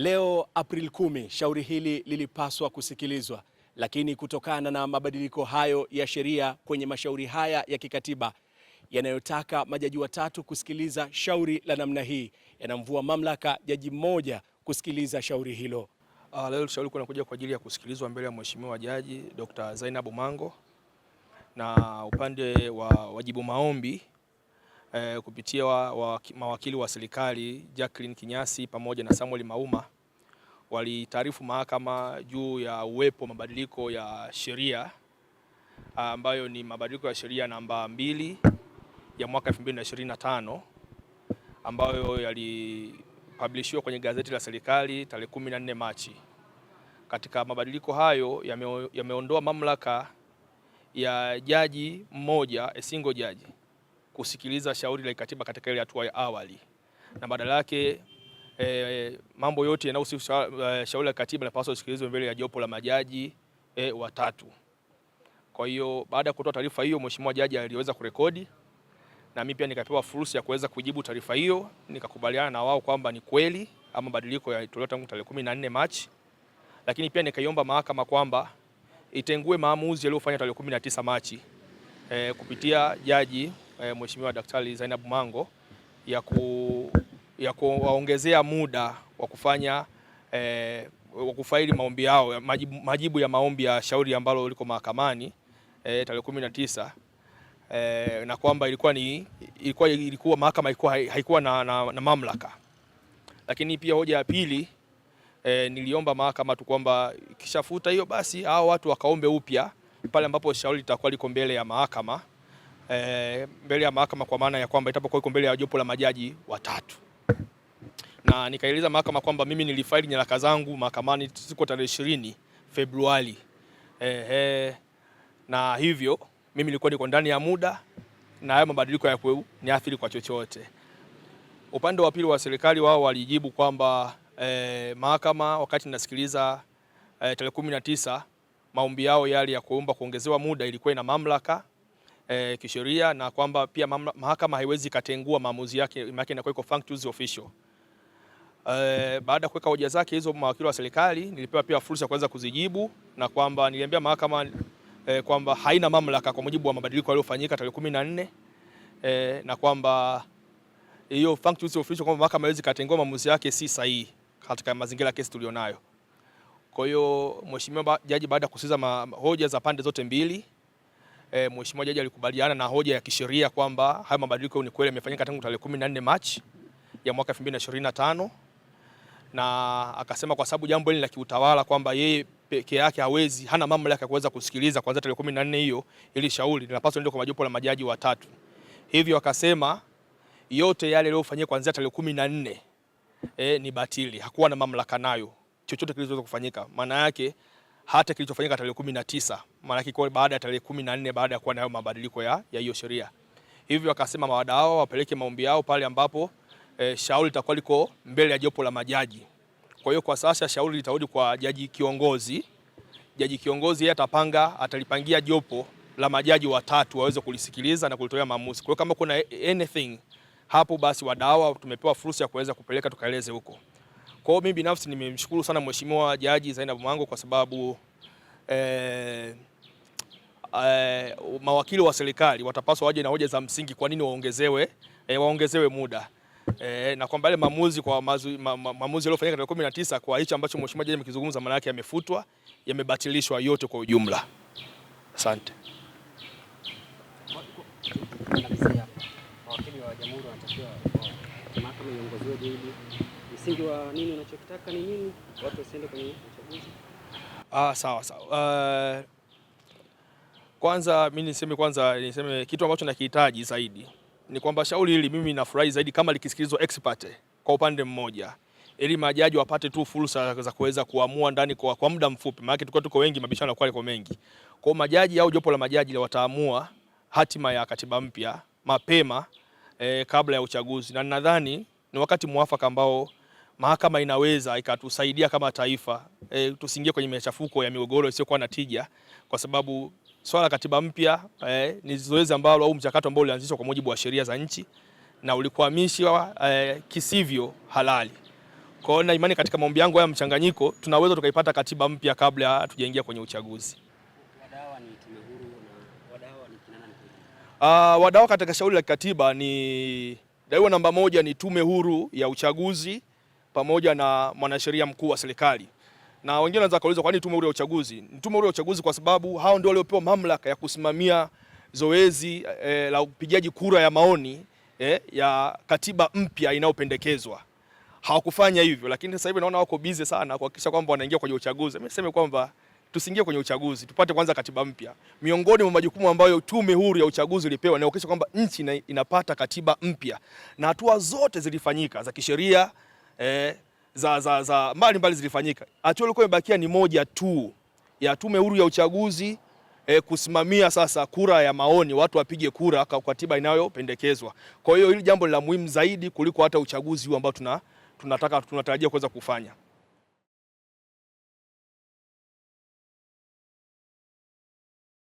Leo april 10 shauri hili lilipaswa kusikilizwa, lakini kutokana na mabadiliko hayo ya sheria kwenye mashauri haya ya kikatiba yanayotaka majaji watatu kusikiliza shauri la namna hii yanamvua mamlaka jaji mmoja kusikiliza shauri hilo. Uh, leo shauri kunakuja kwa ajili ya kusikilizwa mbele ya mheshimiwa jaji Dr. Zainabu Mango, na upande wa wajibu maombi eh, kupitia wa, wa, mawakili wa serikali Jacqueline Kinyasi pamoja na Samuel Mauma walitaarifu mahakama juu ya uwepo mabadiliko ya sheria ah, ambayo ni mabadiliko ya sheria namba mbili ya mwaka 2025 ambayo yalipublishiwa kwenye gazeti la serikali tarehe 14 Machi. Katika mabadiliko hayo yameondoa mamlaka ya jaji mmoja, a single judge kusikiliza shauri la kikatiba katika ile hatua ya awali na badala yake e, mambo yote yanayohusu eh, shauri la kikatiba yanapaswa kusikilizwa mbele ya jopo la majaji e, watatu. Kwa hiyo baada ya kutoa taarifa hiyo, mheshimiwa jaji aliweza kurekodi na mimi pia nikapewa fursa ya kuweza kujibu taarifa hiyo, nikakubaliana na wao kwamba ni kweli ama mabadiliko yalitolewa tangu tarehe 14 Machi, lakini pia nikaiomba mahakama kwamba itengue maamuzi yaliyofanywa tarehe 19 Machi e, kupitia jaji eh, Mheshimiwa Daktari Zainab Mango ya, ku, ya kuwaongezea muda wa kufanya eh, wa kufaili maombi yao majibu, majibu ya maombi ya shauri ambalo liko mahakamani eh, tarehe kumi na tisa e, na kwamba ilikuwa ni ilikuwa, ilikuwa mahakama ilikuwa haikuwa na, na, na mamlaka. Lakini pia hoja ya pili eh, niliomba mahakama tu kwamba kishafuta hiyo basi hao watu wakaombe upya pale ambapo shauri litakuwa liko mbele ya mahakama eh, mbele ya mahakama kwa maana ya kwamba itapokuwa iko mbele ya jopo la majaji watatu, na nikaeleza mahakama kwamba mimi nilifaili nyaraka zangu mahakamani siku tarehe 20 Februari eh, eh, na hivyo mimi nilikuwa niko ndani ya muda na hayo mabadiliko ya ni athiri kwa chochote. Upande wa pili wa serikali wao walijibu kwamba eh, mahakama wakati nasikiliza eh, tarehe 19 maombi yao yale ya kuomba kuongezewa muda ilikuwa ina mamlaka eh, kisheria na kwamba pia mahakama haiwezi katengua maamuzi yake, maana inakuwa iko functus official. Eh, baada ya kuweka hoja zake hizo, mawakili wa serikali nilipewa pia fursa ya kuweza kuzijibu na kwamba niliambia mahakama eh, kwamba haina mamlaka kwa mujibu wa mabadiliko yaliyofanyika tarehe 14 eh, na kwamba hiyo functus official kwamba mahakama haiwezi katengua maamuzi yake si sahihi katika mazingira ya kesi tulionayo. Kwa hiyo mheshimiwa jaji baada ya kusikiza hoja za pande zote mbili e, mheshimiwa jaji alikubaliana na hoja ya kisheria kwamba haya mabadiliko ni kweli yamefanyika tangu tarehe 14 Machi ya mwaka 2025 na akasema kwa sababu jambo hili la kiutawala kwamba yeye peke yake hawezi, hana mamlaka ya kuweza kusikiliza kwanza tarehe 14 hiyo, ili shauri linapaswa ndio kwa majopo la majaji watatu. Hivyo akasema yote yale yaliyofanyika kuanzia tarehe 14 eh, ni batili, hakuwa na mamlaka nayo chochote kilichoweza kufanyika. Maana yake hata kilichofanyika tarehe kumi na tisa maanake kwa baada ya tarehe kumi na nne baada ya kuwa nayo mabadiliko ya ya hiyo sheria. Hivyo akasema mawada hao wapeleke maombi yao pale ambapo e, shauri litakuwa liko mbele ya jopo la majaji. Kwa hiyo kwa sasa shauri litarudi kwa jaji kiongozi. Jaji kiongozi yeye atapanga, atalipangia jopo la majaji watatu waweze kulisikiliza na kulitoa maamuzi. Kwa hiyo kama kuna anything hapo, basi wadawa tumepewa fursa ya kuweza kupeleka tukaeleze huko. Kwa hiyo mimi binafsi nimemshukuru sana Mheshimiwa Jaji Zainab Mwango kwa sababu eh, eh, mawakili wa serikali watapaswa waje na hoja za msingi kwa nini waongezewe eh, waongezewe muda eh, na kwamba yale maamuzi kwa maamuzi ma, ma, yaliyofanyika tarehe kumi na tisa kwa hicho ambacho Mheshimiwa Jaji amekizungumza maana yake yamefutwa, yamebatilishwa yote kwa ujumla. Asante. Mawakili wa jamhuri wanatakiwa eh, mahakama iongozwe msingi wa nini unachokitaka ni nini, watu wasiende kwenye uchaguzi. Ah, sawa sawa. Uh, kwanza mimi niseme kwanza niseme kitu ambacho nakihitaji zaidi ni kwamba shauri hili mimi nafurahi zaidi kama likisikilizwa expert kwa upande mmoja, ili majaji wapate tu fursa za kuweza kuamua ndani kwa, kwa muda mfupi, maana tulikuwa tuko wengi, mabishano yalikuwa yako mengi. Kwa majaji au jopo la majaji la wataamua hatima ya katiba mpya mapema eh, kabla ya uchaguzi, na ninadhani ni wakati mwafaka ambao mahakama inaweza ikatusaidia kama taifa e, tusiingie kwenye machafuko ya migogoro isiyokuwa na tija, kwa sababu swala katiba mpya e, ni zoezi ambalo au mchakato ambao ulianzishwa kwa mujibu wa sheria za nchi na ulikuhamishwa e, kisivyo halali. Kwa hiyo na imani katika maombi yangu haya mchanganyiko, tunaweza tukaipata katiba mpya kabla hatujaingia kwenye uchaguzi. Uh, ah, wadau katika shauri la kikatiba ni daiwa namba moja ni Tume Huru ya Uchaguzi pamoja na mwanasheria mkuu wa serikali. Na wengine wanaweza kuuliza kwa nini tume huru ya uchaguzi? Tume huru ya uchaguzi kwa sababu hao ndio waliopewa mamlaka ya kusimamia zoezi e, la upigaji kura ya maoni e, ya katiba mpya inayopendekezwa. Hawakufanya hivyo, lakini sasa hivi naona wako busy sana kuhakikisha kwamba wanaingia kwenye uchaguzi. Mimi niseme kwamba tusiingie kwenye uchaguzi, tupate kwanza katiba mpya. Miongoni mwa majukumu ambayo tume huru ya uchaguzi ilipewa ni kuhakikisha kwamba nchi inapata katiba mpya, na hatua zote zilifanyika za kisheria eh, za, za, za mbalimbali zilifanyika. Hatua ilikuwa imebakia ni moja tu ya Tume Huru ya Uchaguzi eh, kusimamia sasa kura ya maoni, watu wapige kura kwa katiba inayopendekezwa. Kwa hiyo hili jambo ni la muhimu zaidi kuliko hata uchaguzi huu ambao tuna tunataka tunatarajia kuweza kufanya.